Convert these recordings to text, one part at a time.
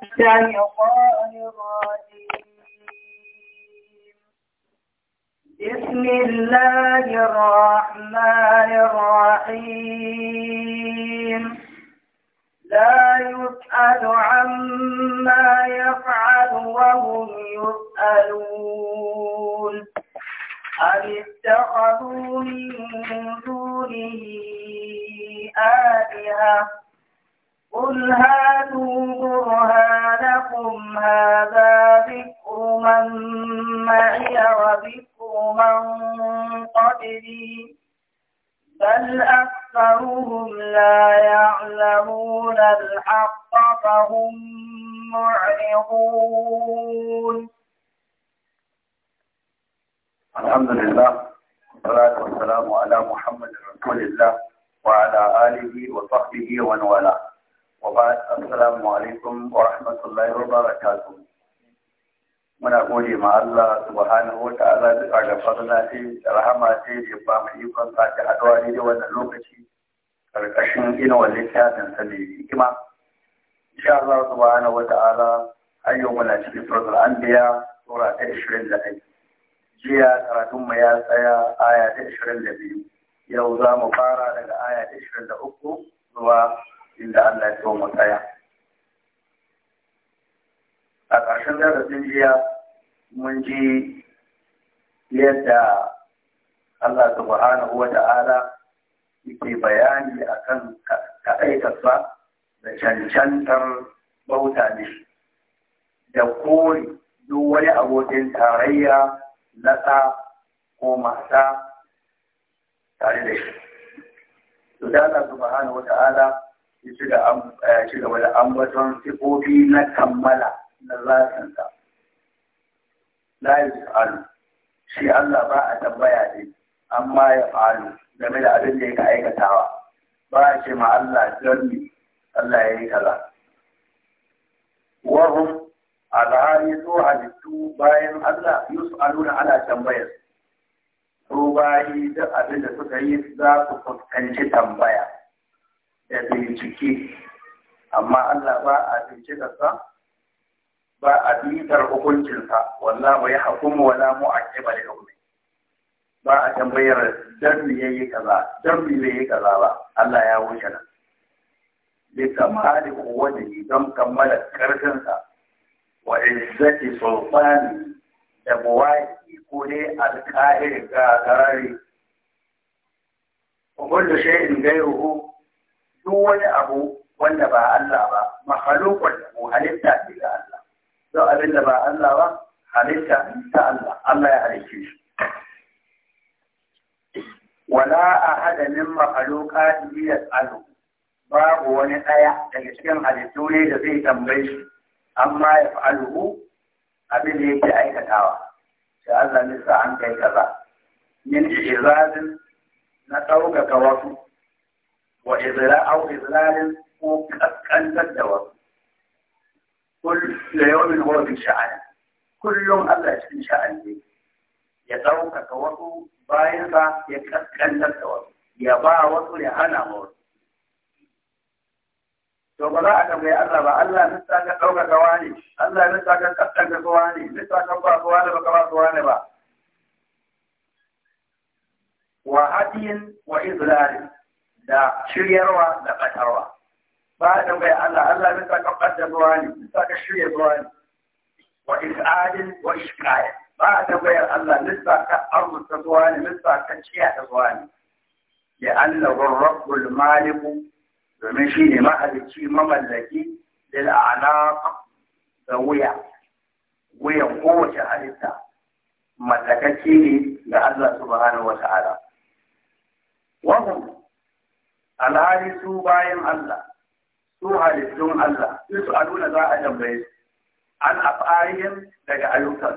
بسم الله الرحمن الرحيم لا يسأل عما يفعل وهم يسألون أم اتخذوا من دونه آلهة قل هاتوا برهانكم هذا ذكر من معي وذكر من قبلي بل أكثرهم لا يعلمون الحق فهم معرضون الحمد لله والصلاة والسلام على محمد رسول الله وعلى آله وصحبه ومن والاه وبعد السلام عليكم ورحمة الله وبركاته muna gode ma Allah subhanahu wa ta'ala duka da fadla ce da rahama ce da ba mu ikon sake haɗuwa ne da wannan lokaci karkashin ina wannan littafin sa mai hikima insha Allah subhanahu wa ta'ala ayyo muna cikin an biya sura ta ishirin da 21 jiya karatun mu ya tsaya aya ta ishirin da biyu, yau za mu fara daga aya ta ishirin da uku zuwa inda Allah ya kawo matsaya. A ƙarshen darasin jiya mun ji yadda Allah subhanahu wa ta'ala yake bayani akan kaɗaitarsa da cancantar bauta ne da kori duk wani abokin tarayya na ɗa ko mata tare da shi. Sudana subhanahu wa ta'ala ya ci eh, gaba da ambaton sifofi na kammala na zafinsa. La yi su'alu, shi Allah ba a tambaya ne, amma ya fa'alu game da abin da yake aikatawa. Ba a ce ma Allah don ni, Allah ya yi kaza. Wahum alhali so halittu bayan Allah yus'alu na ana tambayar. So bayi duk abin da suka yi za su fuskanci tambaya. da bincike amma Allah ba a bincikarsa ba a bitar hukuncinsa walla bai hukumu wala a li hukmi ba a tambayar dan me yayi kaza dan me yayi kaza ba Allah ya wuce nan bi kamali quwwati don kammala karfin sa wa izzati sultani da buwaki ko ne alƙahir ga garari wa kullu shay'in gairu duk wani abu wanda ba Allah ba mahalukun mu halitta ce ga Allah don abin da ba Allah ba halitta ta Allah Allah ya halicce shi wala a ne min mahalukat yas'alu babu wani ɗaya daga cikin halittu ne da zai tambaye shi amma ya fa'aluhu abin da yake aikatawa sai Allah nisa an kai kaza yin izazin na ɗaukaka wasu وإذلاء أو إذلال وكأن تدوى كل يوم هو من شعر كل يوم الله يشكل شعر لي يتوى كتوطو بايضا يكأن تدوى يباع وطو يهانا مور سوف لا أكبر يا أرى الله نستعك توقع كواني الله نستعك كتن كواني نستعك توقع كواني بكما كواني با وهدي وإذلال da shiryarwa da batarwa ba da bai Allah Allah ne ta kafar da ruwa ne ta ka shirya ruwa ne wa is'adin wa ishqa'in ba da bai Allah ne ta ka arzuta ruwa ne ne ta ka ciya da ruwa ne ya Allah wa rabbul malik domin shi ne mahalicci mamallaki lil a'laq da wuya wuyan kowace halitta mallakacce ne ga Allah subhanahu wa ta'ala wahum alhali su bayan Allah su halittun Allah su a nuna za a tambaye su an afariyin daga ayyukan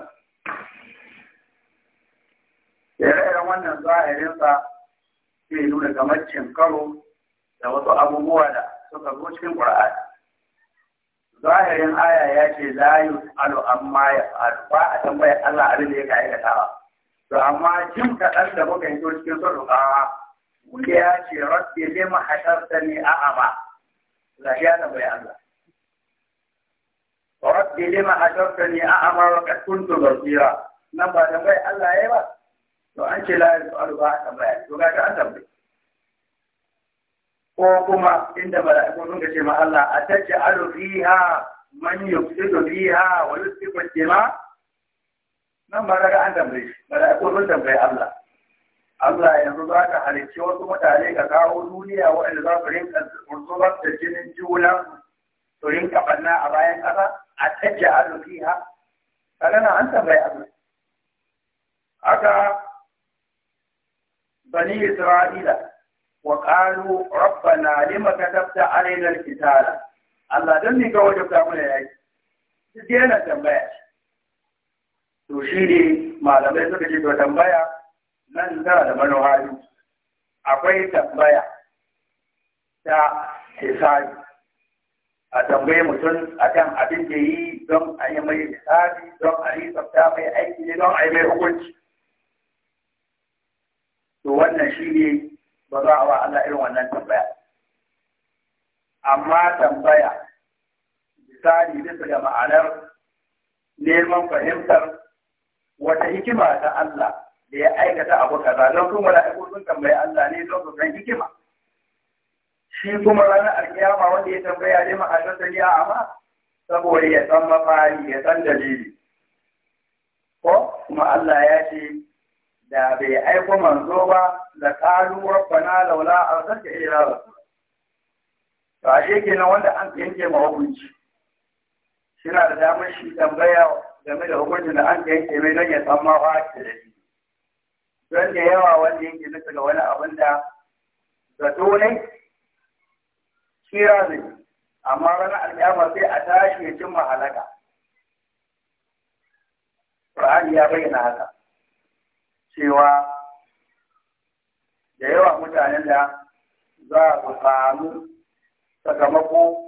ire-iren wannan zahirinsa ke nuna kamar cin karo da wasu abubuwa da suka zo cikin ƙura'ani zahirin aya ya ce layu alu amma ya faru ba a tambayar Allah abin da ya ka aikatawa to amma jin kaɗan da muka yi cikin sun rukawa kulle ya ce rabbi ma lima a a'ama gashi ya bai Allah rabbi ma lima a a'ama wa qad kuntu basira nan ba da bai Allah yayi ba to an ce la yasalu ba ka bai to gashi an tambayi ko kuma inda ba ko mun ga ce ma Allah a tace alu fiha man yufsidu fiha wa yusfiku jama nan ba daga an tambaye da ko mun tambaye Allah Allah yanzu za ka halicci wasu mutane ka kawo duniya waɗanda za su rinka murzubar da jinin juna su rinka banna a bayan ƙasa a tajja alufiha kaga na an tambayi Allah haka bani Isra'ila wa qalu rabbana lima katabta alaina alqitala Allah dan ne ga wajen ta mana yaki duk yana tambaya to shi ne malamai suka ce to tambaya nan za da manuhari akwai tambaya ta hisabi a tambaye mutum a kan abin da yi don a yi mai hisabi don a yi tsafta mai aiki ne don a yi mai hukunci to wannan shi ne ba za a wa Allah irin wannan tambaya amma tambaya misali bisa ga ma'anar neman fahimtar wata hikima ta Allah da ya aikata abu kaza don su mala'iku sun tambayi Allah ne don su san hikima shi kuma ranar alkiyama wanda ya tambaya ne ma annasa ni amma saboda ya san mafari ya san dalili ko kuma Allah ya ce da bai aiko manzo ba la qalu rabbana laula arsalta ila rasul to ashe kenan wanda an yanke ma hukunci shi na da damar shi tambaya game da hukuncin da an yanke mai don ya san mafari da dalili don da yawa wanda yake bisa ga wani abin da zato ne kira ne amma ranar alƙyama sai a tashi ya cimma halaka Qur'ani ya bayyana haka cewa da yawa mutanen da za su samu sakamako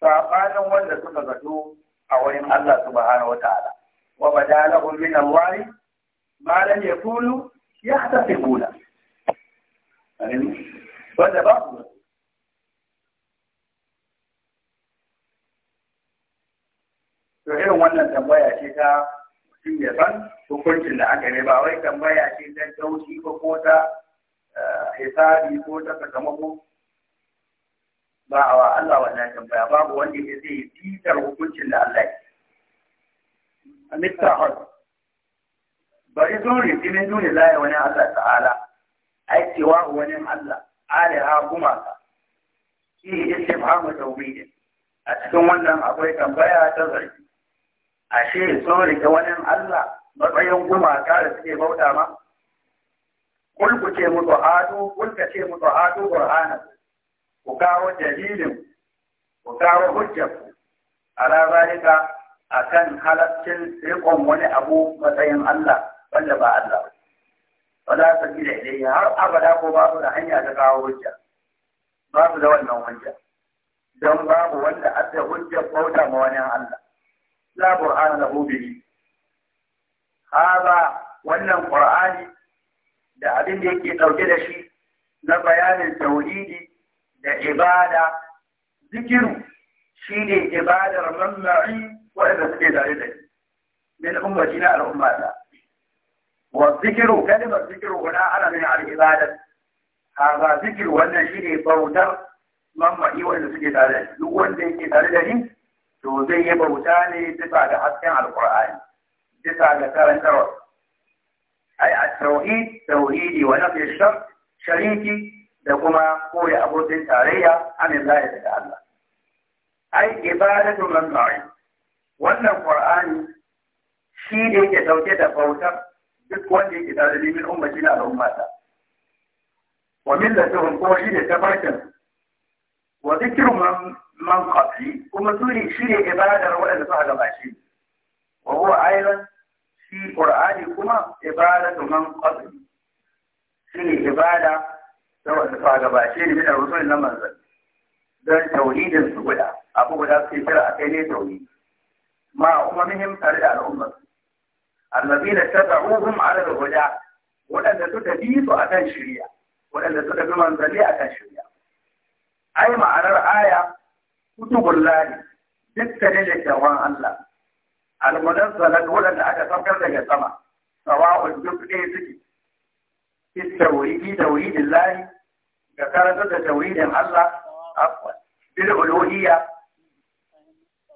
saɓanin wanda suka zato a wurin Allah subhanahu wa ta'ala wa malam min Allah ma lam yakunu يختفقون وهذا بعض irin wannan tambaya ce ta mutum ya san hukuncin da aka yi ba wai tambaya ce ta gauci ko ko ta hisabi ko ta sakamako ba a Allah wannan tambaya babu wanda ya zai titar hukuncin da Allah ya. yi. Amita Hall. bari zuri cikin duni laye wani Allah ta'ala aiki wa wani Allah kuma ka shi mu tawbid a cikin wannan akwai tambaya ta zargi ashe sun da wani Allah matsayin ka da suke bauta ma ku ce mutu kul kulka ce mu hadu qur'ana ku kawo dalilin ku kawo hujjarku ala zalika akan halaccin riƙon wani abu matsayin Allah wanda ba Allah ba wala sabila ilayhi har abada ko babu da hanya ta kawo hujja babu da wannan hujja don babu wanda adda hujja bauta ma wani Allah la burhana lahu bihi haba wannan qur'ani da abin da yake dauke da shi na bayanin tauhidi da ibada zikiru shine ibadar mamma'i da suke tare da shi min ummati na al'ummata والذكر كلمة ذكر هنا على من العبادة هذا ذكر وأن شيء بودر مما هو الذي تعالى هو الذي على له توزيع بوتان تسعة حتى على القرآن تسعة لسالة سوى أي التوحيد توحيدي ونفي الشر شريكي لكما هو أبو تنسى عليها عن الله تعالى أي عبادة ممنوعين وأن القرآن شيء يتوجد بوتر duk wanda yake tare da min ummati na al'ummata wa millatuhum kuma shi ne tafarkin wa dhikru man man qabli kuma sune shi ne ibadar waɗanda suka gabashi wa huwa ayran shi qur'ani kuma ibadatu man qabli shi ne ibada da wanda suka gabashi ne da rusul na manzo dan tauhidin su guda abu guda sai kira akai ne tauhid ma umamihim tare da al'ummarsu الذين اتبعوهم على الهدى waɗanda suka bi su a kan shirya waɗanda suka bi manzali akan kan shirya ai ma'anar aya kutubun lahi dukkanin littafan Allah almunazzalat waɗanda aka saukar daga sama sawa'un duk ɗaya suke fi tawhidi tawhidin lahi ga karanta da tawhidin Allah bil uluhiyya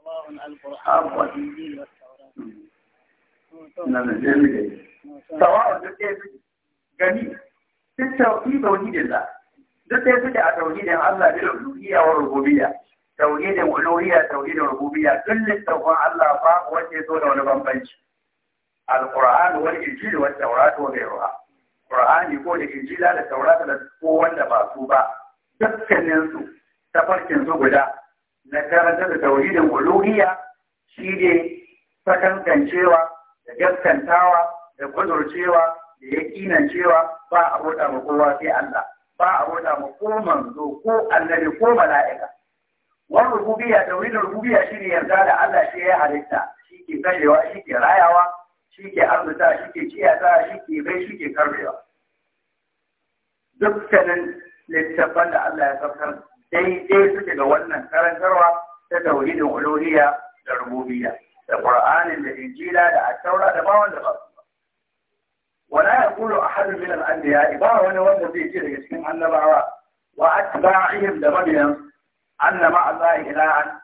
Allahu al-Qur'an na zanje sawa'un duk ɗaya suke gani sun tauki tauhidin da duk ɗaya suke a tauhidin Allah bil uluhiyya wa rububiyya tauhidin uluhiyya tauhidin rububiyya duk littafin Allah ba wanda ya da wani bambanci alquran wal injil wal tawrat wa ghayruha qur'ani ko da injila da tawrat da ko wanda ba su ba dukkanin su tafarkin su guda na karanta da tauhidin uluhiyya shi ne sakankancewa da gaskantawa da kudurcewa da yaƙinan cewa ba a roɗa ma kowa sai Allah ba a roɗa ma ko manzo ko annabi ko mala'ika wannan rububiyya tauhidul rububiyya shine yarda da Allah shi ya halitta shi ke kallewa shi ke rayawa shi ke arzuta shi ke ciyata shi ke bai shi ke karbewa dukkanin littafan da Allah ya saukar daidai suke ga wannan karantarwa ta tauhidin uluhiyya da rububiyya da Qur'anin da Injila da Attaura da ba wanda ba su ba wala yaqulu ahadun min al-anbiya ba wani wanda zai ce daga cikin annabawa wa atba'ihim da mabiyan anna ma Allah ilahan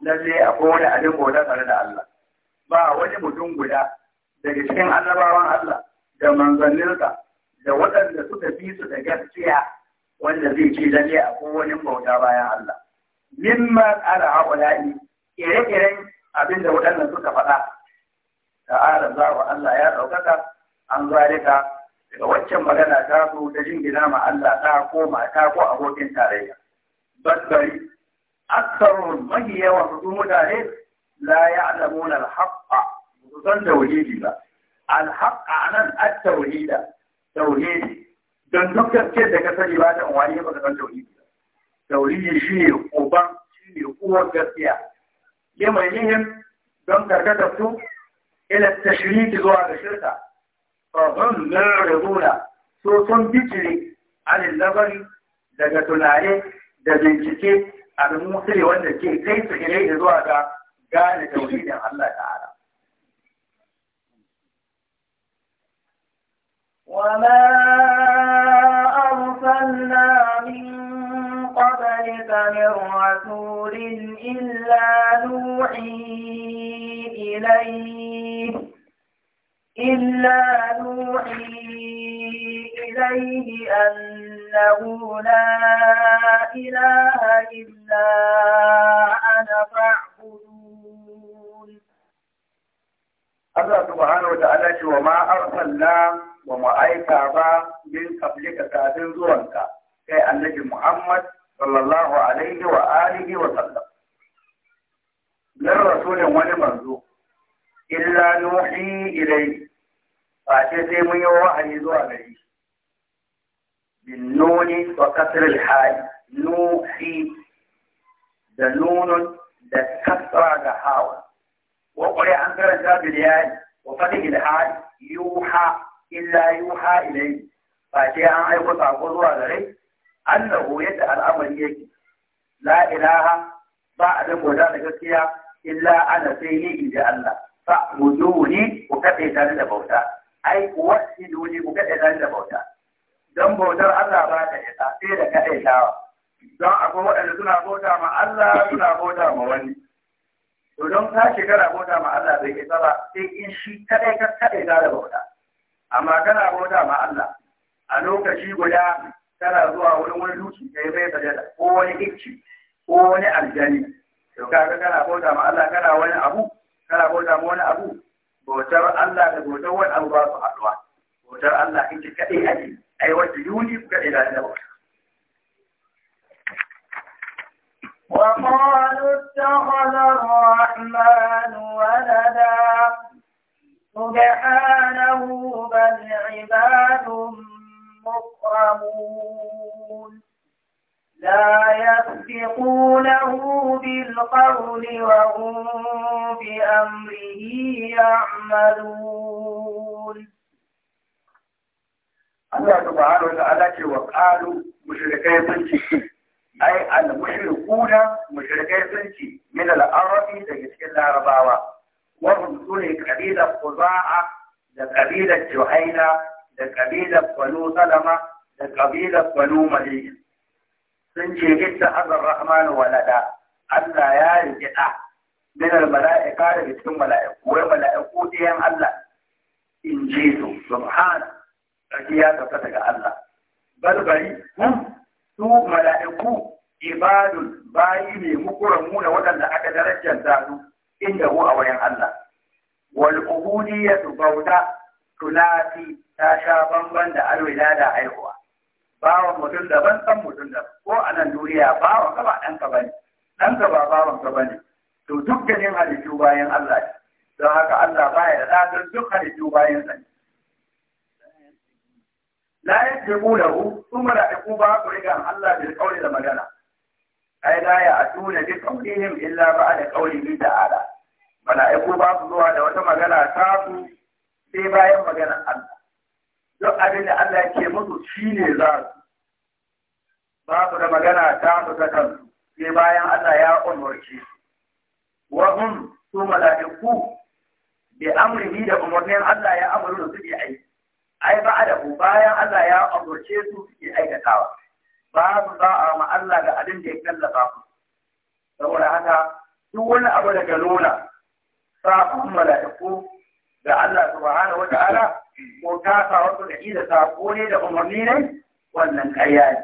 lalle akwai wani abin goda tare da Allah ba wani mutum guda daga cikin annabawan Allah da manzanninsa da waɗanda suka fi su da gaskiya wanda zai ce lalle a wani bauta bayan Allah mimma qala haula'i ire-iren abinda waɗannan suka faɗa ta'ala za wa Allah ya ɗaukaka an zalika daga waccan magana ta so jin gina ma Allah ta ko mata ko abokin tarayya basbari aksarun mahi yawan su mutane la ya'lamuna al-haqqa su san tauhidi ba al-haqqa anan at-tauhida tauhidi don duk ce da ka sani ba ta wani ba ka san tauhidi tauhidi shi ne uban shi ne uwar gaskiya limarihim don karkatar su ila tashriki zuwa ga shirka fa hum mu'riduna so sun bijire alil labari daga tunare da bincike al musli wanda ke kai su ilai zuwa ga gane tauhidin Allah ta'ala وما أرسلنا من قبلك من رسول رسول إلا نوحي إليه إلا نوحي إليه أنه لا إله إلا أنا فاعبدون الله سبحانه وتعالى وما أرسلنا وما أيكا من قبلك كافر زورك أي النبي محمد صلى الله عليه وآله وسلم من رسول مرزوق إلا نوحي إليه فأتيتي من وحي زوالي بالنون وكسر الحال نوحي دنون دكسر دحاوة وقري عن درجة بالياء وفتح الحال يوحى إلا يوحى إليه فأتي عن أي قطع قدوة عليه annahu yadda al'amari yake la ilaha ba a da goda da gaskiya illa ana sai ni in ji Allah fa mujuni ku kade tare da bauta ai wasiduni ku kade tare da bauta don bautar Allah ba ta isa sai da kade tawa don akwai waɗanda suna bauta ma Allah suna bauta ma wani to don ka da bauta ma Allah bai isa ba sai in shi kade ka kade tare da bauta amma kana bauta ma Allah a lokaci guda kana zuwa wurin wani duki ka yi mai sajada ko wani ikci ko wani aljani to kaga kana bauta ma Allah kana wani abu kana bauta ma wani abu bautar Allah da bautar wani abu ba su haɗuwa bautar Allah ita kaɗai ake ai wata yuni kaɗai da na bauta وقالوا اتخذ الرحمن ولدا سبحانه بل عباد مكرمون لا يسبقونه بالقول وهم بأمره يعملون الله سبحانه وتعالى وقالوا مشركين سنتي أي المشركون مشركين سنتي من الأرض تجسكن العرباوة وهم سنة قبيلة قضاعة لقبيلة جهينة da kabilar banu salama da kabilar banu malik sun ce gitta azar rahmanu walada Allah ya rike da min al mala'ika da cikin mala'iku wai mala'iku diyan Allah in ji su subhana sarki ya tabbata ga Allah balbari su mala'iku ibadun bayi ne mukuran da waɗanda aka da su inda hu a wayan Allah wal ubudiyatu bauta tunafi ta sha bamban da alwila da haihuwa bawan mutum daban san mutum da ko a nan duniya bawan ka ba ka ba ne ka ba bawan ka ba ne to dukkanin halittu bayan Allah ne don haka Allah baya da ɗan duk halittu bayan sa ne la yasbiqu da ku ba ku riga Allah bil qawli da magana ai da la ya'tuna bi qawlihim illa ba da ba'da qawlihi ta'ala mala'iku ba su zuwa da wata magana ta su sai bayan magana Allah duk abin da Allah ke musu shi ne za su babu da magana ta su ta kansu sai bayan Allah ya umarci wa hum su mala'iku bi amrihi da umarnin Allah ya amuru su ke aiki ai ba da ku bayan Allah ya umarce su su aikatawa babu za a ma Allah ga abin da ya kallafa ku saboda haka duk wani abu daga nuna sa mala'iku da سبحانه وتعالى wata'ala ko ta sa wasu da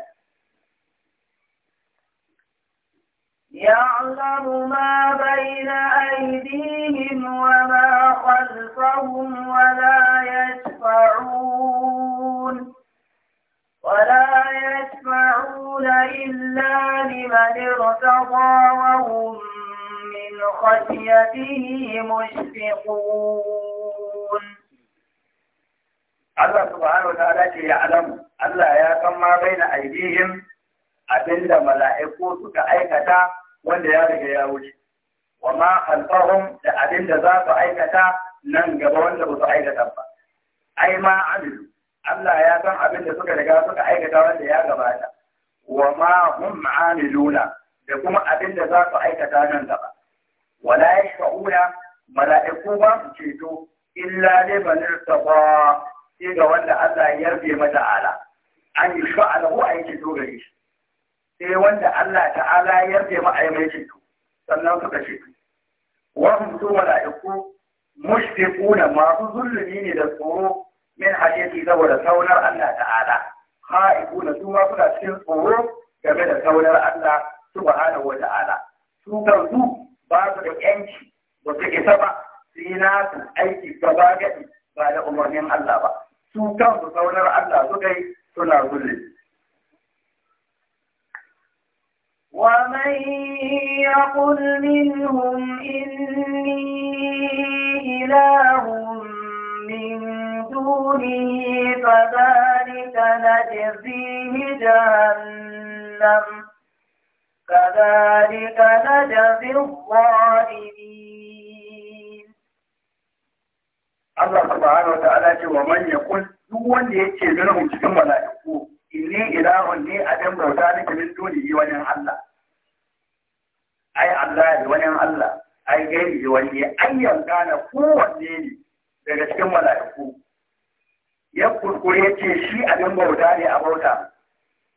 يعلم ما بين أيديهم وما خلفهم ولا يشفعون ولا يشفعون إلا لمن ارتضى وهم من خشيته مشفقون Allah subhanahu wa ta'ala ce ya alamu Allah ya san ma baina aidihim abinda mala'iku suka aikata wanda ya riga ya wuce wa ma khalfahum da abinda za su aikata nan gaba wanda ba su aikata ba ai ma amilu Allah ya san abinda suka riga suka aikata wanda ya gabata wa ma hum amiluna da kuma abinda za su aikata nan gaba wala yashfa'una mala'iku ba su ceto illa ne ba nirtawa sai ga wanda Allah ya yarbe mata ala an yi sha'ala ko ayi ce dogare shi sai wanda Allah ta'ala ya yarbe ma ayi mai ceto sannan suka ce wa hum tu mala'iku mushfiquna ma su zulmi ne da tsoro min hajjati saboda saunar Allah ta'ala ha'ikuna su ma suna cikin tsoro game da saunar Allah subhanahu wa ta'ala su su ba su da yanci ba su isa ba sai aiki gaba gadi ba da umarnin Allah ba su kansu saunar Allah suka yi suna zulli ومن يقل منهم إني إله من دونه فذلك نجزيه جهنم كذلك نجزي الظالمين Allah subhanahu wa ta'ala ce wa man yaqul duk wanda yake mu cikin mala'iku inni ilahun ni adam bauta ni kamin yi wani Allah ai Allah ne wani Allah ai gairi wani ayyan ko wanne ne daga cikin mala'iku ya kurkure ya ce shi abin bauta ne a bauta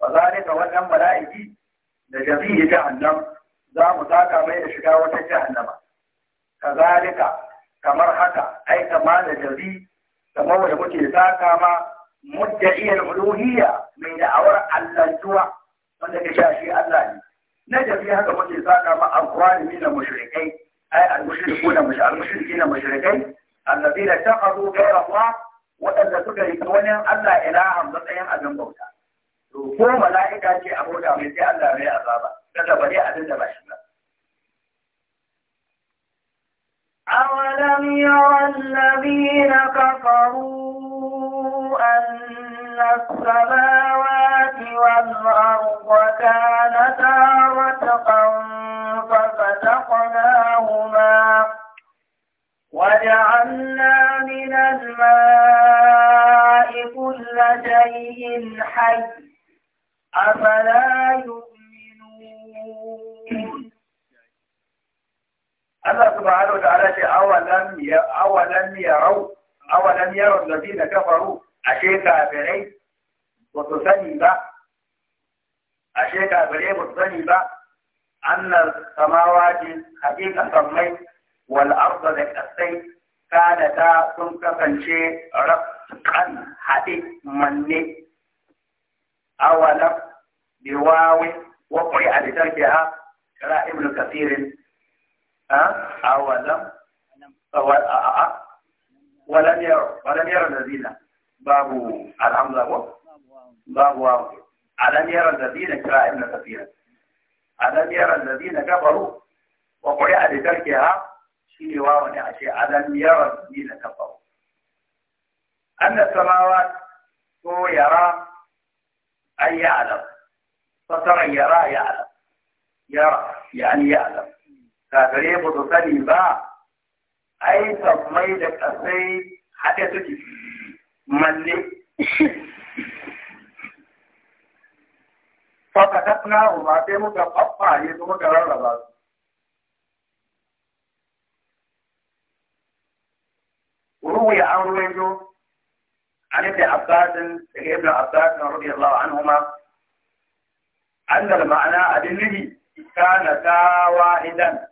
ba za ga wannan mala'iki da ta jahannam za mu taka mai da shiga wata jahannama kazalika kamar haka ai kama da jazi kamar wanda muke saka ma mudda'iyar uluhiyya mai da'awar allantuwa wanda ka shashi Allah ne na jazi haka muke saka ma alqur'ani na mushrikai ai al-mushrikuna mush al-mushrikina mushrikai alladheena taqadu ghayra Allah waɗanda suka yi wani Allah ilahan matsayin abin bauta to ko mala'ika ce abota mai sai Allah ya azaba kada bare abin da ba shi ba أولم يرى الذين كفروا أن السماوات والأرض كانتا رتقا ففتقناهما وجعلنا من الماء كل شيء حي أفلا يؤمنون Allah subhanahu wa ta'ala ce awalam ya awalam yarau awalam yarau allazina kafaru ashe kafirai ba su sani ba ashe kafirai ba su sani ba annal samawati haqiqan sammai wal arda da kasai kana ta sun kasance rafqan hadi manne awalam biwawi wa qur'a bi tarkiha qira ibn kathir أولم آه، ولم ير آه، آه، ولم ير الذين باب الحمد باب واو ألم ير الذين كراء ابن كثيرا ألم ير الذين كفروا وقرئ لتركها شيء واو أشياء ألم ير الذين كفروا أن السماوات هو يرى أن يعلم فصار يرى يعلم يرى يعني يعلم gagare mu da sani ba ai sammai da kasai haɗe suke manne Faka ta suna ma sai muka faffaye su muka rarraba su. Ruhu ya an ruwan jo, an yi abbasin da ke ibn abbasin rubin Allah an huma, an da ma'ana abin nihi kana tawa idan.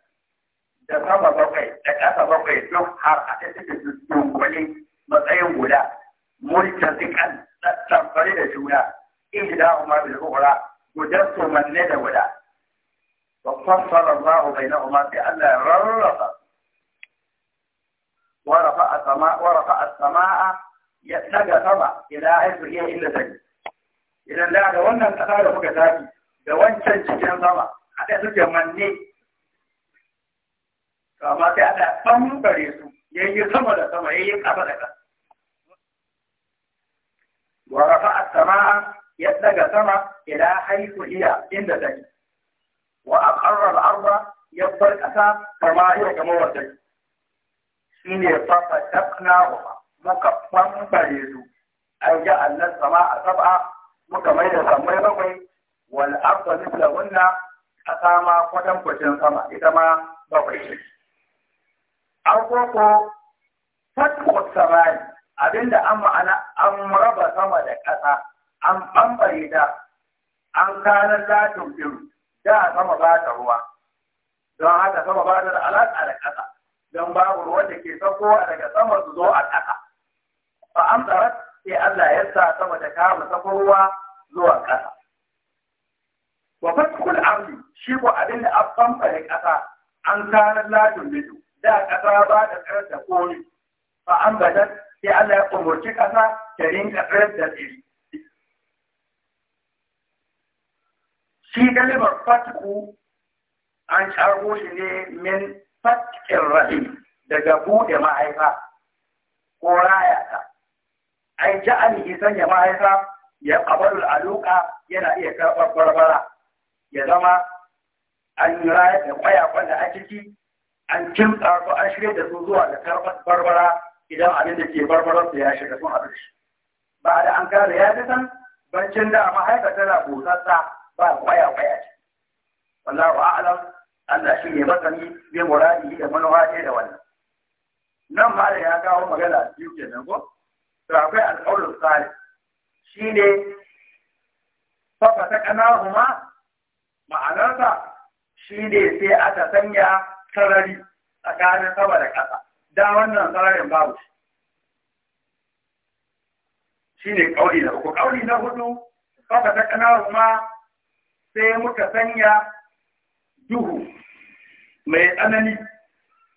da sama bakwai da ƙasa bakwai duk har a ta cikin dunkule matsayin guda mulkin zikan tsamfari da juna ihda umar bil ukhra gudan su manne da guda wa fassara Allah bainahuma sai Allah ya rarrafa wa rafa'a samaa wa rafa'a samaa ya daga sama ila ayyuhi illa sai idan da wannan kasa da kuka tafi da wancan cikin sama a da suke manne to amma sai Allah tambare su yayi sama da sama yayi kafa da kafa wa rafa'a samaa ya daga sama ila haythu hiya inda take wa aqarra al-arda ya bar kasa kama ya kama wata shine fafa takna wa muka tambare su an ja Allah a sab'a muka mai da samai bakwai wal arda mithla wanna kasa ma kwatankwacin sama ita ma bakwai an koko fatwa samani abinda an ma'ana an raba sama da ƙasa an bambare da an kanar latin biyu da sama ba ta ruwa don haka sama ba ta da alaƙa da ƙasa don babu ruwa da ke saukowa daga sama su zo a ƙasa fa an tsara sai Allah ya sa sama da kama ruwa zuwa ƙasa wa fatkul ardi shi ko abinda an bambare ƙasa an kanar latin biyu da ƙasa ba da tsirar da kori fa an sai Allah ya umurci ƙasa ta rinka tsar da tsiri shi galibar fatku an shago shi ne min fatkin rahim daga buɗe ma'aifa ko raya ta ai ja'alihi sanya ma'aifa ya qabalul aluka yana iya karɓar barbara ya zama an yi raya da kwayakwan da a ciki an kimta su an shirya da su zuwa da karfan barbara idan abin da ke barbarar su ya shiga sun abin shi ba da an kare ya san bancin da mahaifata tana busassa ba kwaya kwaya ce wallahu a'lam Allah shi ne masani bi muradi da manufa ce da wannan nan ma da ya kawo magana biyu kenan ko to akwai alƙawarin tsari shine fafa ta kanahuma ma'anarsa shi ne sai aka sanya sarari tsakanin sama da ƙasa da wannan sararin babu shi ne ƙauri na uku ƙauri na hudu faka ta ma sai muka sanya duhu mai tsanani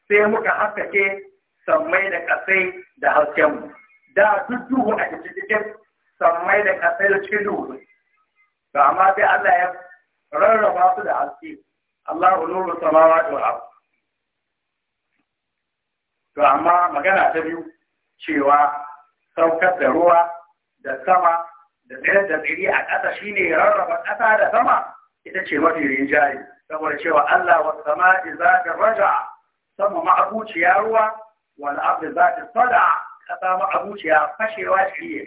sai muka haskake sammai da ƙasai da haskenmu da duk duhu a cikin sammai da ƙasai da cikin duhu ba amma sai Allah ya rarraba su da haske Allahu nuru samawati wal ardh to amma magana ta biyu cewa saukar da ruwa da sama da tsayar da tsiri a ƙasa shine rarraba ƙasa da sama ita ce mafi rinjaye saboda cewa Allah wa sama za ta raja sama ma ma'abuciya ruwa wal ard za ta sada ƙasa ma ma'abuciya fashewa shi ya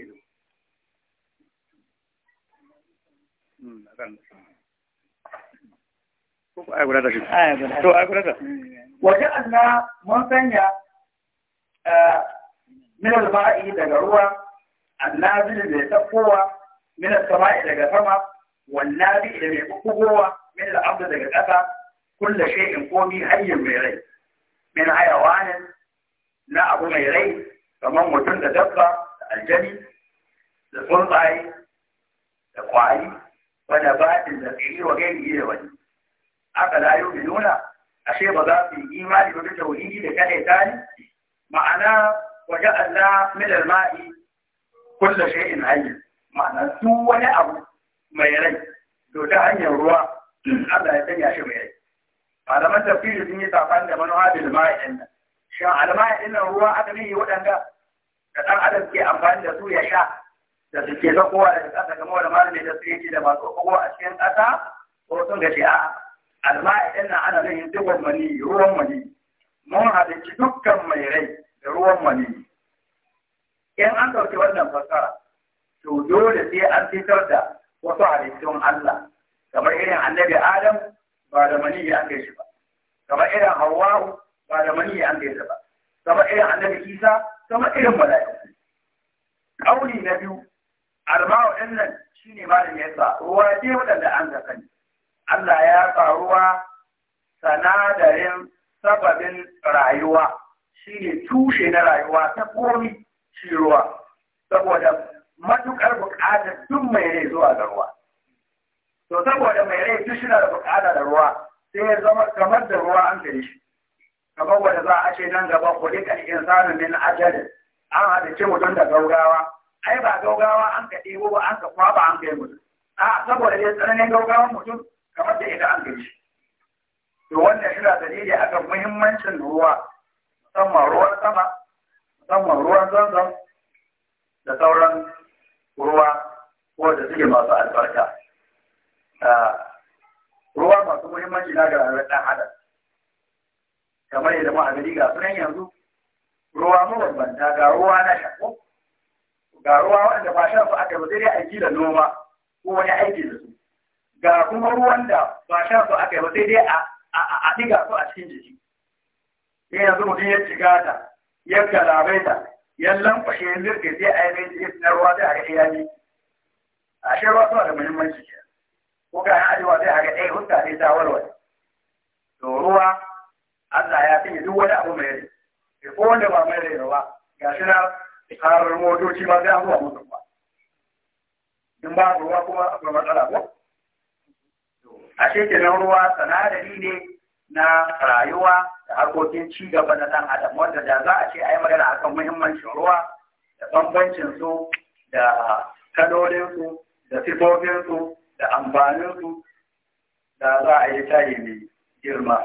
wajen Allah mun sanya min al-ma'i daga ruwa annazil da tafowa min as-sama'i daga sama wannabi da mai kukugowa min al daga ƙasa kullu shay'in komi hayyin mai rai min hayawanin na abu mai rai kamar mutum da dabba da aljani da tsuntsaye da kwari wanda batin da tsiri wa gani da wani aka layo da nuna ashe ba za su yi imani ba da tauhidi da kada ta ne ma'ana waje Allah milar ma'i kulla shay'in hanyar. ma'ana duk wani abu mai rai to ta hanyar ruwa Allah ya sanya shi mai rai malaman tafsiri sun yi safan da manuwa bil ma'i din nan shin alma'i din nan ruwa aka ne waɗanda da ɗan adam ke amfani da su ya sha da su ke kowa da kasa kamar wani malami da su yake da masu kowa a cikin ƙasa ko sun gaci a alma'i din nan ana yin duk wani ruwan mani mun halicci dukkan mai rai da ruwan mani in an ɗauki wannan fasara to dole sai an fitar da wasu halittun Allah kamar irin annabi Adam ba da mani an kai shi ba kamar irin Hawwa'u ba da mani an kai shi ba kamar irin annabi Isa kamar irin mala'iku kauli na biyu arba'u din nan shine malamin ya sa ruwa ce wadanda an ga sani Allah ya sa ruwa sanadarin sababin rayuwa shi ne tushe na rayuwa ta komi shi ruwa saboda matukar bukatar duk mai rai zuwa ga ruwa to saboda mai rai duk shina da bukata da ruwa sai ya zama kamar da ruwa an gari shi kamar wanda za a ce nan gaba ko dai cikin insanin min ajalin an haɗa ce mutum da gaugawa ai ba gaugawa an ka ɗebo ba an ka kwaba an kai mutum a saboda dai tsananin gaugawan mutum kamar da ita an gari shi to wannan shi na dalili akan muhimmancin ruwa musamman ruwan sama musamman ruwan zanzan da sauran ruwa wanda suke masu albarka ah, ruwa masu muhimmanci na gararar ɗan adam kamar yadda mu gani ga sunan yanzu ruwa mabambanta ga ruwa na shako ga ruwa wanda ba shan su aka ba sai dai aiki da noma ko wani aiki da su ga kuma ruwan da ba shan su aka ba sai dai a a diga su a cikin jiki sai yanzu ne ya shiga ta ya galabai ta ya lamfashe ya zirke sai a yi mai jiki na ruwa sai a ga iyali a shi ruwa suna da muhimmanci ke ko ka yi ajiwa sai a ga ɗaya hutta ne ta warware to ruwa Allah ya sanya duk wani abu mai rai ko wanda ba mai rai ba ga shi na har motoci ba sai an zuwa mutum ba in ba ruwa kuma akwai matsala ko a shi kenan ruwa sanadari ne na rayuwa da harkokin ci gaba na ɗan adam wanda da za a ce a yi magana kan muhimmancin ruwa da bambancin su da kalolinsu da sifofinsu da amfaninsu da za a yi tayi mai girma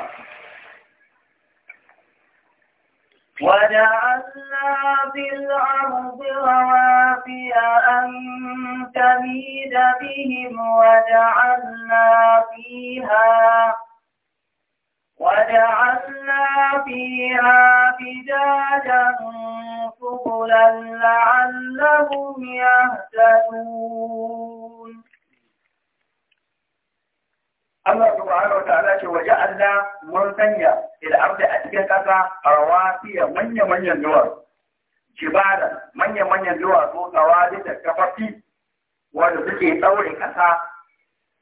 وجعلنا في الأرض رواسي أن تميد بهم وجعلنا فيها وجعلنا فيها فجاجا سبلا لعلهم يهتدون Allah subhanahu wa ta'ala ce waje Allah mun sanya il'arda a cikin ƙasa rawasiya manya-manyan duwatsu jibalan manya-manyan duwatsu tsawadi da kafafi wanda suke ɗaure ƙasa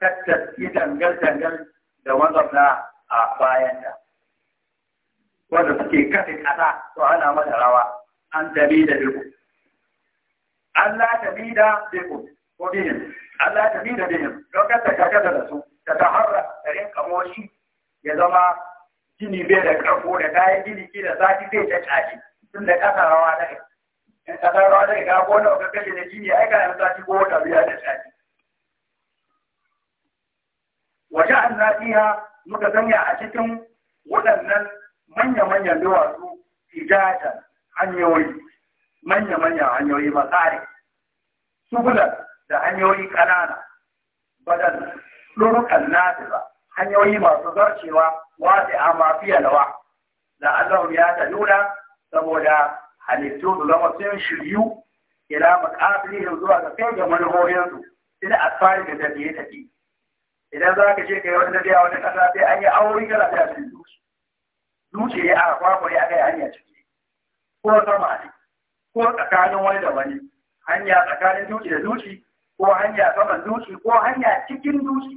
tattas dangal-dangal da wanzar a bayan da wanda suke kafin kasa to ana mata rawa an tabi da bihu Allah bi da bihu ko bihin Allah bi da bihin don kasa ka kasa da su ta harra da rinka moshi ya zama jini bai da karko da kayan gini ki da zafi bai ta caji tun da kasa rawa da in kasa rawa da ga ko na ka kashe da gini ai ka yanzu zafi ko ta biya da caji وجعلنا فيها muka sanya a cikin waɗannan manya-manyan duwatsu fijata hanyoyi manya-manyan hanyoyi Su subulan da hanyoyi ƙanana badan ɗorukan ba hanyoyi masu zarcewa wasu a mafiya wa. da Allah ya ta nuna saboda halittu da zama sun shiryu ila makafirihin zuwa ga kai ga manuhoyinsu ila tsari da tafiye-tafiye idan za ka je ka yi wani tafiya wani ƙasa sai an yi aure kana da cikin duki duki ya a kwakwari aka yi hanya ciki ko sama ne ko tsakanin wani da wani hanya tsakanin duki da duki ko hanya saman duki ko hanya cikin duki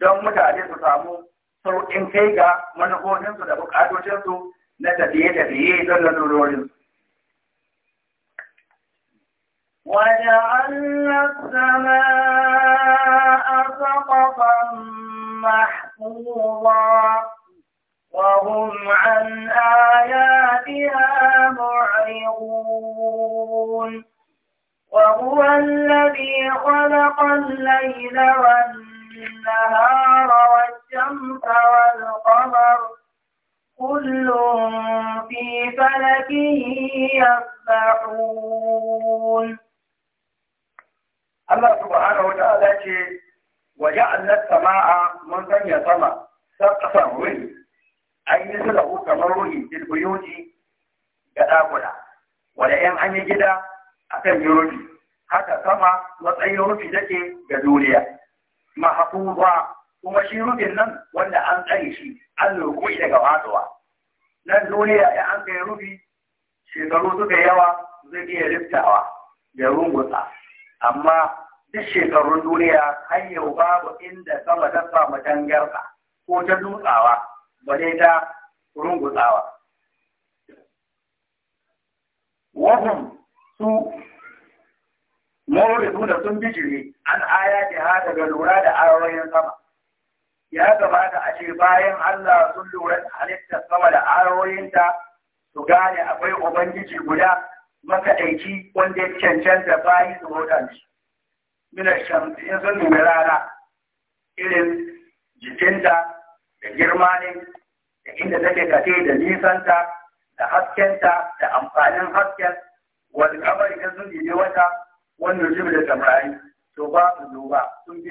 don mutane su samu sauƙin kai ga manufofinsu da buƙatocinsu na tafiye-tafiye don lalurorinsu. وجعلنا السماء سقفا محفوظا وهم عن آياتها معرضون وهو الذي خلق الليل والنهار والشمس والقمر كل في فلكه يسبحون الله سبحانه وتعالى waje annas sama'a mun sanya sama sakasan wuri an yi sulahu kamar wuri tilbuyoji ga ɗakuna wanda yan an yi gida akan yi rufi haka sama matsayin rufi take ga duniya mahafuza kuma shi rufin nan wanda an tsare shi an rukuyi daga faduwa nan duniya ya an kai rufi shekaru suka yawa zai iya liftawa ya rungutsa amma duk shekarun duniya har yau babu inda sama ta samu dangarka ko ta dutsawa ba dai ta rungutsawa. Wahum su mawuridu da sun bijiri an aya ha daga lura da ayoyin sama. Ya gabata a ce bayan Allah sun lura da halittar sama da ayoyinta su gane akwai Ubangiji guda aiki wanda ya cancanta bayi su bauta shi. mina shamsi in sun nemi rana irin jikinta da girma ne da inda take kate da nisanta da haskenta da amfanin hasken wani kamar idan sun nemi wata wannan zubi da samari to ba su duba sun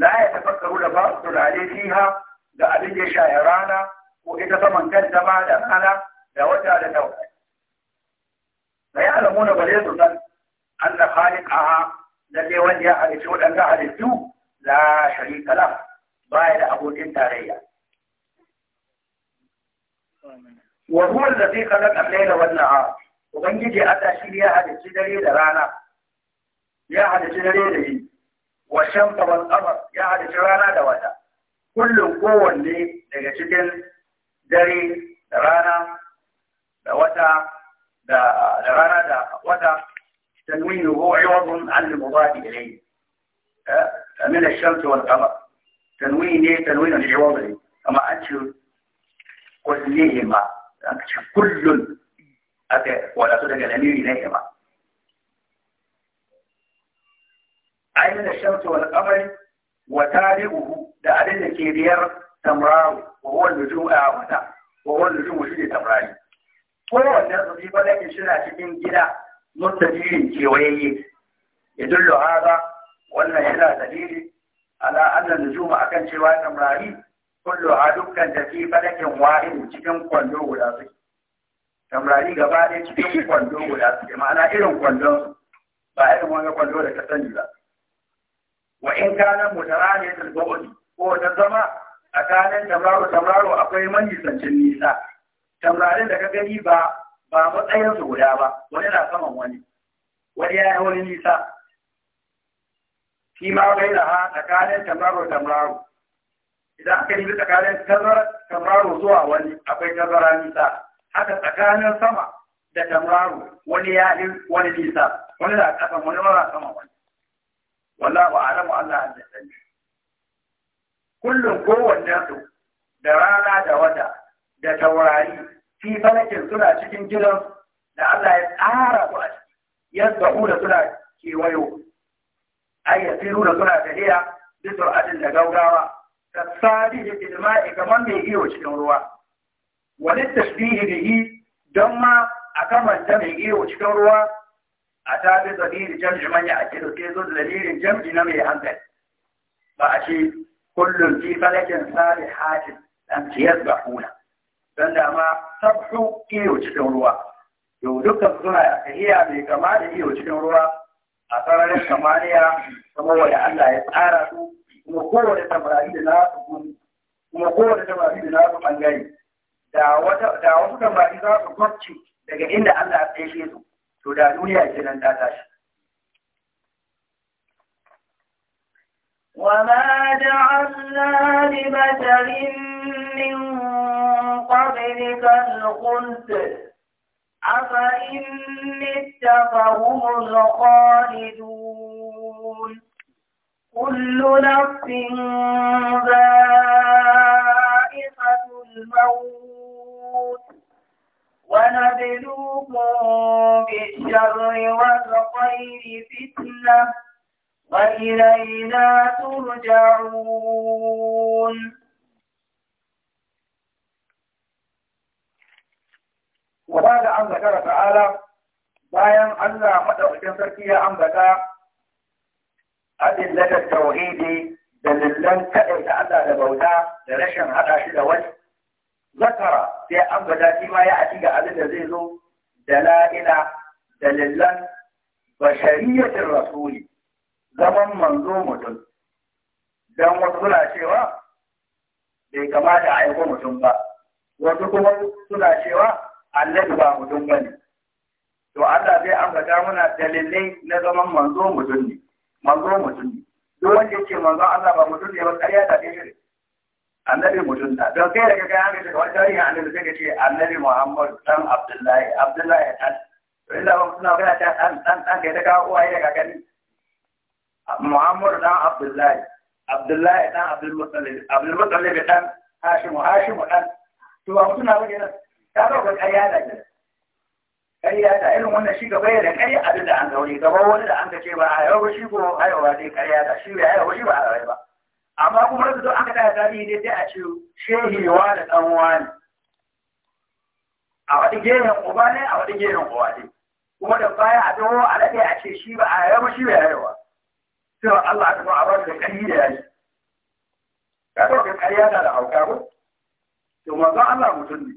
ya tafakkaru da ba su turare fiha abin da ya shaya rana ko ita saman kanta ma da rana da wata da nau'ai. Da ya alamuna ba zai su san an da khaliqaha lalle wanda ya halitta waɗanda halittu la sharika la baya da abokin tarayya wa huwa allazi khalaqa al-layla wan nahar ubangiji Allah shi ya halitta dare da rana ya halitta dare da yini wa shan wal qamar ya halitta rana da wata kullum kowanne daga cikin dare da rana da wata da rana da wata تنوينه عوض عن المضاد إليه من الشمس والقمر تنوين إيه تنوين العوض أما اجل قل أنت كل أتى ولا صدق الأمير إليهما أي من الشمس والقمر وتابعه ده أدل كبير تمراوي وهو النجوم أعوذ آه، وهو النجوم شدي تمراوي kowanne su ba lakin suna cikin gida mustadilin كيوي ya هذا hada wannan yana على أن النجوم أكن akan cewa tamrari عدوك أنت dukkan da fi تكن قندو cikin kwando guda suke tamrari gaba ne cikin kwando guda suke ma'ana irin kwandon ba irin wani kwando da ka sani wa in kana mutarani da bawli ko ta zama kanan tamraro akwai manisancin nisa tamrarin da ka gani ba ba matsayinsu guda ba wani na saman wani wani ya yi wani nisa shi ma bai da ha tsakanin tamaro tamaro idan aka yi tsakanin tamaro zuwa wani akwai tamara nisa haka tsakanin sama da tamaro wani ya yi wani nisa wani na kasan wani wani na saman wani Wala wallahu a'lamu Allah an sani kullum kowanne su da rana da wata da taurari fi falakin suna cikin gidan da Allah ya tsara su a ciki yadda da suna kewayo ai ya firu da suna tafiya bi sur'atin da gaugawa ka sadi da ilma'i kamar mai iyo cikin ruwa wani tashbihi bihi don ma a kamanta mai iyo cikin ruwa a tafi dalilin jam'i manya a kido sai zo dalilin jam'i na mai hankali ba a ce kullum fi falakin sari hatin dan ciyar da hula dan da ma tabhu iyo cikin ruwa yau dukkan suna iya mai kama da iyo cikin ruwa a sararin samaniya kuma wanda Allah ya tsara su kuma kowane samari da nasu kuma kowane samari da nasu bangare da wasu samari za su kwanci daga inda Allah ya tsaye su to da duniya ke nan ta tashi وما جعلنا لبشر من قبلك الخلد أفإن مت فهم الخالدون كل نفس ذائقة الموت ونبلوكم بالشر والخير فتنه وإلينا ترجعون وبعد أن ذكر تعالى بايان الله مدعوكين سركية أن بدا أدل لك التوحيد بل لن تأل تعالى لبودا لرشن هذا شد وجه ذكر في أن بدا كما يأتيك أدل زيزو دلائل دللا بشرية الرسول zaman manzo mutum don wasu suna cewa bai kamata a aiko mutum ba wasu kuma suna cewa annabi ba mutum ba ne to Allah zai ambata muna dalilai na zaman manzo mutum ne manzo mutum ne duk wanda yake manzo Allah ba mutum ne ba ƙarya da ke shi annabi mutum da don kai daga kai haka daga wata riya annabi sai ka ce annabi Muhammadu, dan Abdullahi Abdullahi dan to inda ba suna gaya ta dan dan dan ta kawo uwaye daga gani Muhammad dan Abdullahi Abdullahi dan Abdul Muttalib Abdul Muttalib dan Hashim Hashim dan to ta ga ga da ke ƙarya da irin wannan shi gaba da ƙarya abin da an gauri gaba wani da an ce ba a yau shi ko a yau ba da shi ba a shi ba a yau ba amma kuma da an ka tsaya tarihi ne sai a ce shehi wa da dan wani a wani gerin uba ne a wani ne kuma da baya a a daɗe a ce shi ba a shi ba cewa Allah kuma a wani da ƙarfi da yaji ka ɗauka ƙarya na da hauka ko to manzon Allah mutum ne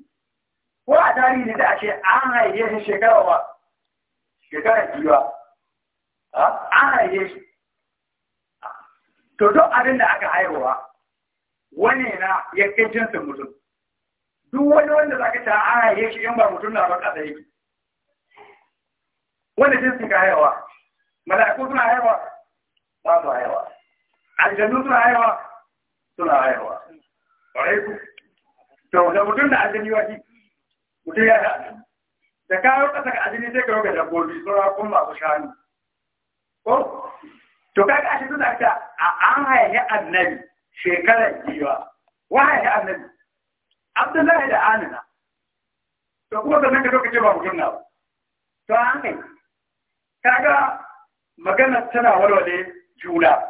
ko a tarihi da ake an haife shi shekara ba shekara biyu ba an haife shi to duk abin da aka haihuwa wani na ya jinsin mutum duk wani wanda za ka ta an haife shi in ba mutum na ba ƙasa yake wanda jinsin ka haihuwa mala'iku suna haihuwa ba su haihuwa aljanu suna haihuwa suna haihuwa ƙwarai ku to da mutum da aljani wani mutum ya da da kawo ƙasa ga aljani sai ka roga dabbobi suna kun masu shanu ko to kaga shi suna ta a an haihe annabi shekarar jiwa wa haihe annabi abdullahi da amina to kuma sannan ka zo ka ce ba mutum na ba to an kai kaga magana tana walwale juna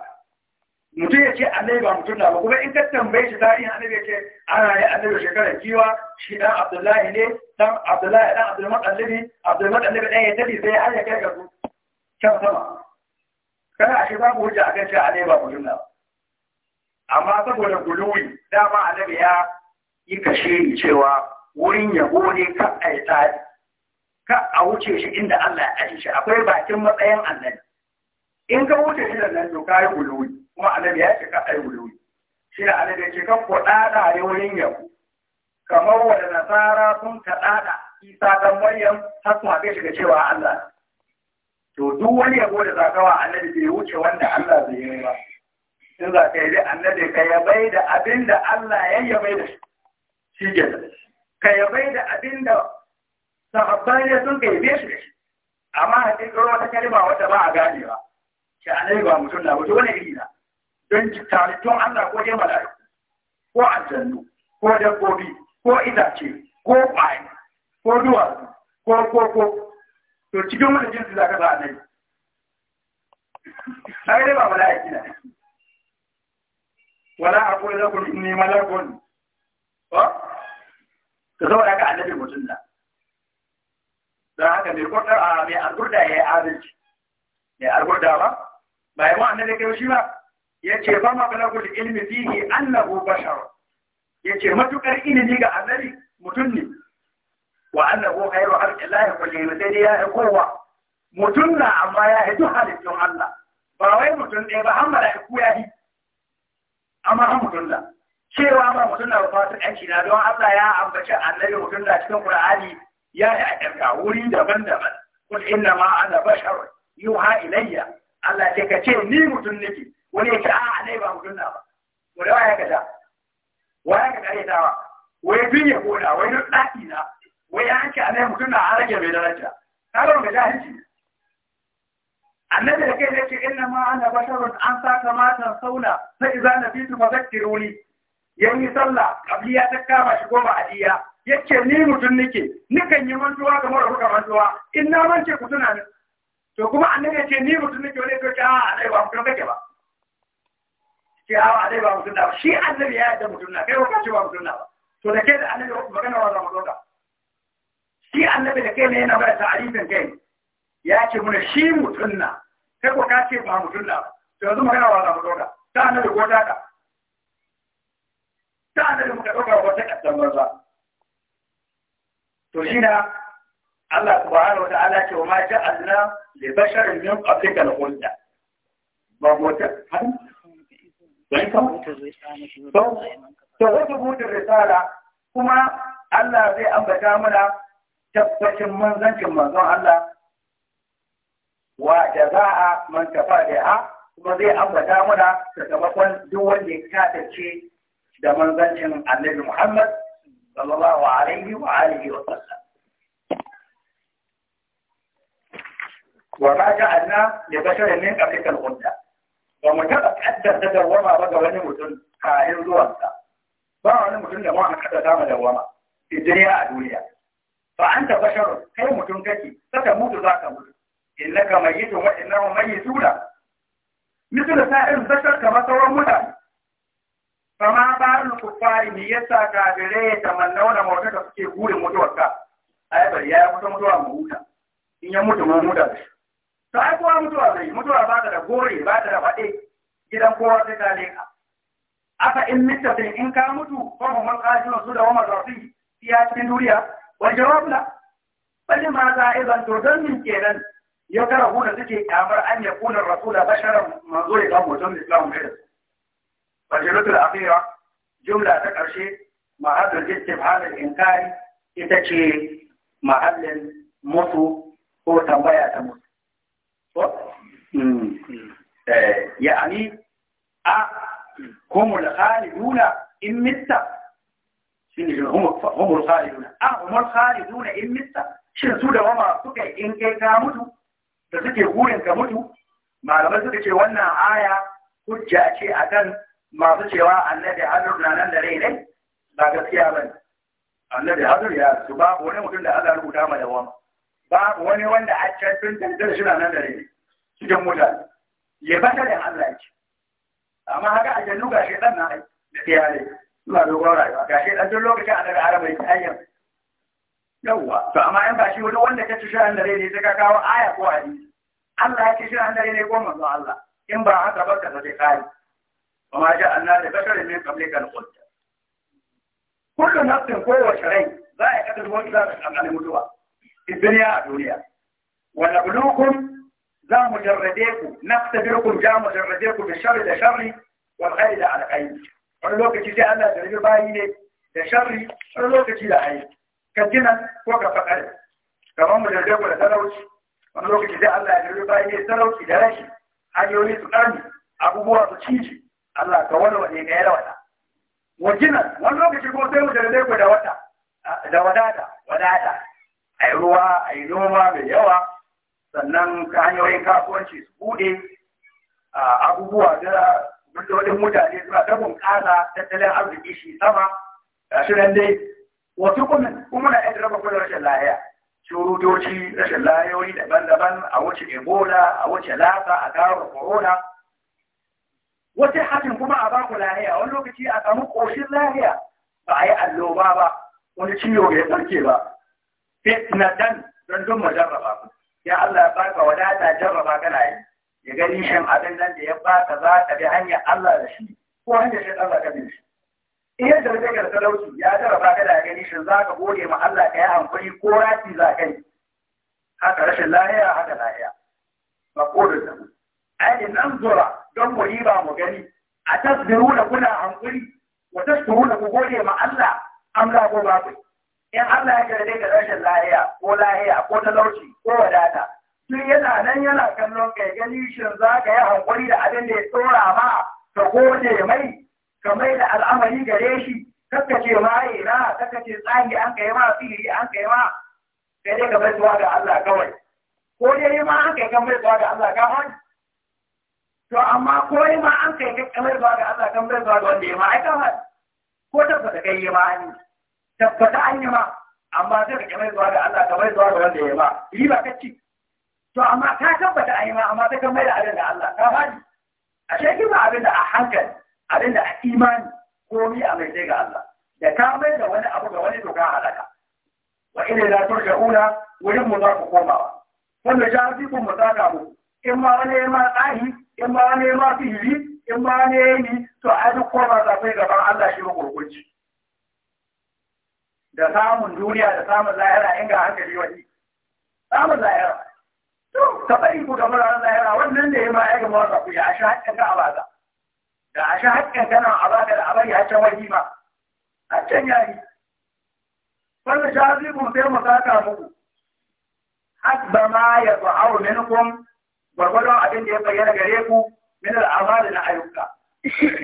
mutum ya ce annabi ba mutum na ba kuma in ka tambaye shi tarihin annabi ya ce ana yi annabi shekarar kiwa shi dan abdullahi ne dan abdullahi dan abdulmutalibi abdulmutalibi dan ya tabi sai har ya kai ga su can sama kana a shi babu hujja kan shi annabi ba mutum na amma saboda guluwi dama annabi ya yi kashe cewa wurin yabo ne ka a yi tsari ka a wuce shi inda Allah ya ajiye shi akwai bakin matsayin annabi in ka wuce shi da nan to kai guluwi kuma annabi ya ce ka ai buluwi shi da annabi ya ce ka ko dada ne wurin yabo kamar wanda nasara sun ka dada isa dan maryam har su haɗe shi cewa Allah to duk wani yabo da zakawa annabi bai wuce wanda Allah zai yi ba in za ka yi da annabi ka yabai da abin da Allah ya yabai da shi ke ka yabai da abin da sahabbai ne sun ka yabe shi amma a cikin wata kalma wata ba a gane ba. shi annabi ba mutum na wato wani iri na don talittun Allah ko dai mala'iku ko aljannu ko dabbobi ko itace ko ƙwari ko duwatsu ko koko to cikin wani jinsi za ka A annabi sai dai ba mala'iki na wala aqulu lakum inni malakun ka zauna ka annabi mutum na don haka mai kwatar a mai algurda ya yi adalci mai algurda ba ba yawan annabi kai shi ba yace fa ma balagul ilmi fihi annahu bashar yace matukar ilimi ga annabi mutum ne wa annahu khairu khalqillahi kullihi sai dai ya kowa mutum na amma ya yi hidu halittun Allah ba wai mutum ɗaya ba har mala'iku ya yi amma an mutum da cewa ba mutum na fatan yanci na don Allah ya ambaci annabi mutum da cikin Qur'ani ya yi a ɗanka wuri daban-daban kul inna ma ana bashar yuha ilayya Allah ce ka ce ni mutum nake wani ya ce a ne ba mutum na ba mu da waya kaza waya ka kare dawa wai bin ya koda wai na daki na wai an ce nai mutum na an rage mai daraja ka ga ga hanci annabi da kai ne ce inna ma ana basharun an sa kamata sauna sai idza nabitu fadakkiruni yayi sallah kabliya ya kama shi goma adiya yace ni mutum nake nikan yi mantuwa kamar ruka mantuwa in na mance ku tuna to kuma annabi ya ce ni mutum nake wani to ce a ah, annabi ba mutum kake ba ce a ah, alai ba mutum na ba shi annabi ya yadda mutum na kai ba ce ba mutum na ba to da ke da annabi magana wa zama doka shi annabi da kai ne yana bada ta'arifin kai ya ce mana shi mutum na kai ko ka ce ba mutum na ba to yanzu magana wa zama doka ta annabi ko ta ka ta annabi muka doka wata kasan banza to shi na Allah subhanahu wata'ala ce wa ma ja'alna li basharin min qablika al-khulda ba mota bai ka to wata buɗe risala kuma Allah zai ambata mana tabbacin manzancin manzon Allah wa da za jaza'a man tafadi'a kuma zai ambata mana sakamakon duk wanda ya katace da manzancin Annabi Muhammad sallallahu alaihi wa alihi wa sallam wa ma ja'alna li basharin min qablika al-hudda ba mu taɓa da dawwama ba ga wani mutum kayan zuwansa ba wani mutum da ma an da ma dawwama hijriya a duniya fa anta basharun kai mutum kake saka mutu za ka mutu innaka mayyitun wa innahum mayyituna مثل سائر البشر كما سوى mutane. Kama فما بال الكفار me yasa kafirai tamannawna mawta da suke gure mutuwarka ai bari ya mutu mutuwa mu huta in ya mutu mu huta to ai kowa mutuwa zai mutuwa ba ta da gore ba ta da faɗe gidan kowa sai ta leka aka in mittafin in ka mutu ko mu man kajin su da wamar rafi iya cikin duniya wal jawab la bal ma za idan turdan min kenan ya karahu huna suke kyamar an ya kuna rasula basharan manzo ya mutum islam mai da su akhira jumla ta karshe mahallul istibhal al inkari ita ce mahallin mutu هم الخالدون إن مت شنو هم هم الخالدون أه هم الخالدون إن مت shin su da wama suka in kai ka mutu da suke gurin ka mutu malamai suka ce wannan aya hujja ce akan masu cewa annabi hadur na nan da rai ne ba gaskiya ba ne annabi hadur ya su babu wani mutum da Allah rubuta ma da wama babu wani wanda a can tun tantar shi na nan da rai ne mutane ya bata Allah ce amma haka aljannu ga shi dan na ai da iyali zuwa dogon rayuwa ga shi dan duk lokacin a daga arabai ta ayyan yawwa to amma in ba shi wani wanda ka ci shirin dare ne sai ka kawo aya ko hadisi Allah ya ci shirin dare ne ko manzo Allah in ba haka ba ka sai kai وما جعلنا لبشر من قبلك الخلد كل نفس قوة شرعي ذائقة الموت لا تشعر عن المتوى في الدنيا الدنيا ونبلوكم za mu jarrabe ku na nastabirkum ja mu jarrabe ku da sharri da sharri wal khairi da alkhairi wani lokaci sai Allah ya jarrabe bayi ne da sharri wani lokaci da khairi ka gina ko ka fakare kamar mu jarrabe ku da talauci wani lokaci sai Allah ya jarrabe bayi ne talauci da rashi hanyoyi su karni abubuwa su ciji Allah ka wani wani ka yara wata wajina wani lokaci ko sai mu jarrabe ku da wata da wadata wadata a yi ruwa a yi noma mai yawa sannan ta hanyoyin kasuwanci su buɗe abubuwa da wani mutane suna ta bunƙasa tattalin arziki shi sama a shirin dai wasu kuma na yadda raba rashin lahiya shurutoci rashin lahiyoyi daban-daban a wace ebola a wacce lasa a kawo corona Wacce hakin kuma a baku lahiya wani lokaci a samu ƙoshin lahiya ba a yi alloba ba wani ciwo ya sarke ba fit na dan don don mu ba. ya Allah ya baka wadata jarraba kana yi ya gani shan abin nan da ya baka za ka bi hanyar Allah da shi ko hanyar shi Allah ka bi shi in ya darajar talauci ya jarraba kana ya gani shan za ka gode ma Allah ka yi hankali ko rati za ka yi haka rashin lahiya haka lahiya ba kodin da mu ai nan zura don mu riba mu gani a tasbiru da kuna hankali wa tasbiru da ku gode ma Allah am la ko ba ku in Allah ya karbe da rashin lahiya ko lahiya ko talauci ko wadata tun yana nan yana kallon kai gani shin za ka yi hankuri da abin da ya tsora ma ka gode mai ka mai da al'amari gare shi kakka ce ma na kakka ce tsagi an kai ma sihiri an kai ma sai dai ka bai zuwa ga Allah kawai ko dai ma an kai kan bai zuwa ga Allah kawai to amma ko ma an kai kan bai zuwa ga Allah kan bai zuwa ga wanda ya ma aika ko ko tabbata kai ya ma ni tabbata an yi ma amma zai ka kamar zuwa ga Allah ka mai zuwa ga wanda ya ma. yi ba kacci to amma ka tabbata an yi ma amma sai ka mai da abin da Allah ka faɗi a shekin ba abin da a hankali abin da a imani komi a mai sai ga Allah da ka mai da wani abu ga wani to ka halaka wa ila la turja'una wurin mu za ku komawa wanda ja fi ku mu saka mu in ma wani ya ma tsahi in ma wani ya ma hiri, in ma wani ya yi ni, to a duk koma za ku yi gaban Allah shi ba gurgurci da samun duniya da samun lahira in ga hankali wani samun lahira to ta bari ku ga muraren lahira wannan da ya ma ya gama wanda ku ya shi hakkin ka a da a shi haƙƙin ka nan a da a ya can wani ma a can yayi wanda shafi ku sai mu saka muku hasba ma ya zuharu minkum gwargwadon abin da ya bayyana gare ku min al'amali na ayyuka.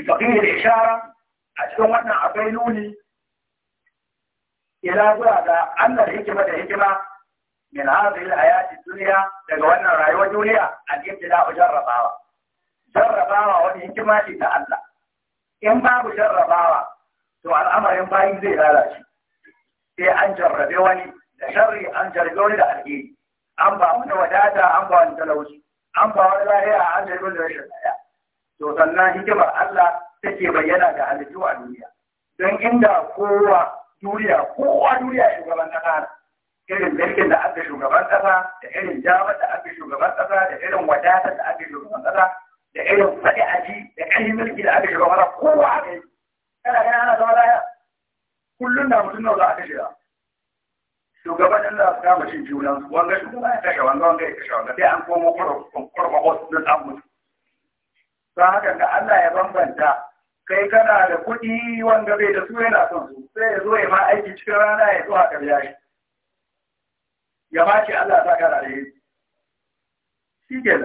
Bakin da ishara a cikin wannan akwai nuni ila zuwa ga annar hikima da hikima min hadhihi al-hayati dunya daga wannan rayuwar duniya al-ibtila jarrabawa jarrabawa wani hikima ce ta Allah in babu jarrabawa to al'amarin bayi zai lalace sai an jarrabe wani da sharri an jarrabe wani da alheri an ba wani wadata an ba wani talauci an ba wani lahiya an jarrabe wani rashin lahiya to sannan hikimar Allah take bayyana ga halittu a duniya don inda kowa duniya kowa duniya shugaban kasa irin mulkin da aka shugaban kasa da irin jawar da aka shugaban kasa da irin wadatar da aka shugaban kasa da irin faɗi aji da ƙarfin mulki da aka shugaban kasa kowa aka yi kana ganin ana zama laya kullum da mutum nawa aka shiga shugaban za su kama cin junan su wanga shugaban ya kashe wanga wanga ya kashe wanga sai an komo kurma kurma wasu na samun don Allah ya bambanta kai kana da kuɗi wanda bai da su yana son su sai ya zo ya ma aiki cikin rana ya zo a ƙarya shi ya ma ce Allah ta kara da yi shi ke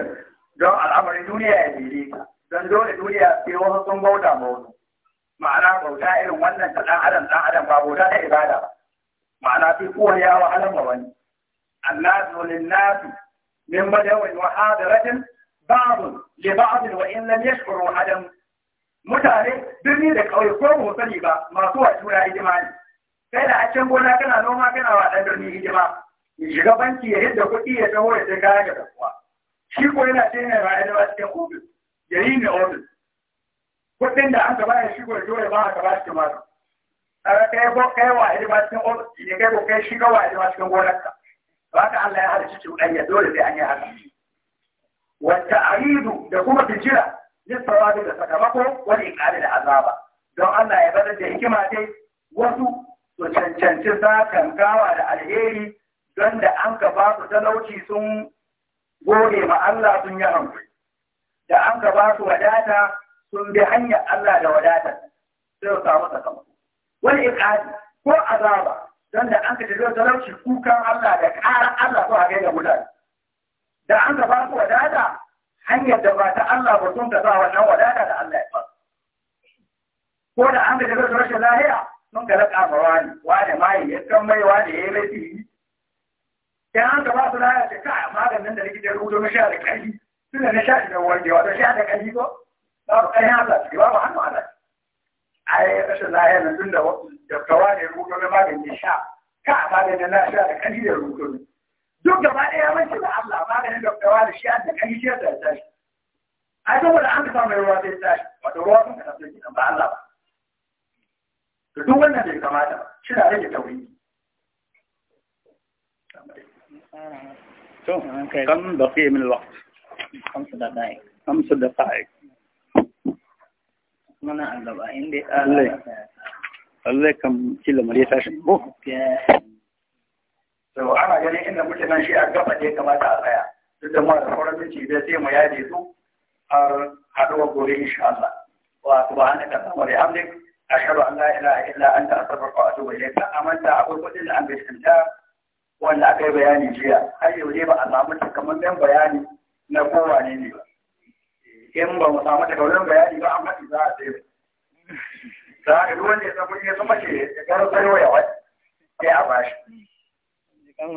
don al'amarin duniya ya dele ka don dole duniya sai wasu sun bauta ma wani ma'ana bauta irin wannan ta ɗan adam ɗan adam ba bauta ta ibada ba ma'ana sai kowa ya wahalar alama wani annasu linnasu min madawin wa hadaratin babu li wa in lam yashkuru hadan mutane birni da ƙauye ko mu sani ba masu wa tura hidima ne kai da a can gona kana noma kana wa dan birni hidima ya shiga banki ya yadda kuɗi ya taho ya sai kaya ga kasuwa shi ko yana ce ne ra'ayi da cikin ofis ya yi ne ofis kuɗin da an gaba ya shi ko ya ba a gaba cikin masu ara kai ko kai wa hidima cikin ofis ne kai ko kai shiga wa hidima cikin ka. ba ka Allah ya halicci cuɗanya dole sai an yi haka wata aridu da kuma bijira lissawabi da sakamako wani ikari da azaba don Allah ya bada da hikima dai wasu su cancanci zakan gawa da alheri don da an ka ba su talauci sun gode ma Allah sun yi hankali da an ka ba su wadata sun bi hanyar Allah da wadata sai su samu sakamako wani ikari ko azaba don da an ka tafi talauci kukan Allah da ƙara Allah su a gaida mutane da an ka ba su wadata hanyar da ba ta Allah ba sun ta sa wannan wadata da Allah ya ba ko da an da daga rashin lahiya sun ga raka ma wani wani ma ya kan mai wani ya yi laifi dan an ba su lahiya ta kai maganin da likita ya rubuta na sha da kai suna na sha da warkewa da sha da kai ko ba kai hasa ba ba hannu Allah ai rashin lahiya nan tun da da kawai rubuta na maganin sha ka maganin na sha da kai da rubuta duk gaba ɗaya mace da Allah maganin da kawa da shi a da kan shi da ta shi ai an ka mai ruwa sai ta shi wato ruwa sun ka tafi gidan ba Allah to duk wannan bai kamata shi da rage tauri to min to ana ganin inda muke shi a gaba ne kamata a tsaya duk da muna da sauran minti da sai mu yaje su har haɗuwa gobe insha Allah wa subhanaka allahumma bihamdik ashhadu an la ilaha illa an anta astaghfiruka wa atubu Ta amanta akwai kudin da an gaskanta wanda aka yi bayani jiya har yau ne ba a samu takamaiman bayani na kowane ne ba in ba mu samu takamaiman bayani ba an faɗi za a sai za a ga duk wanda ya san kuɗi ya san mace ya gano sai waya wai sai a bashi to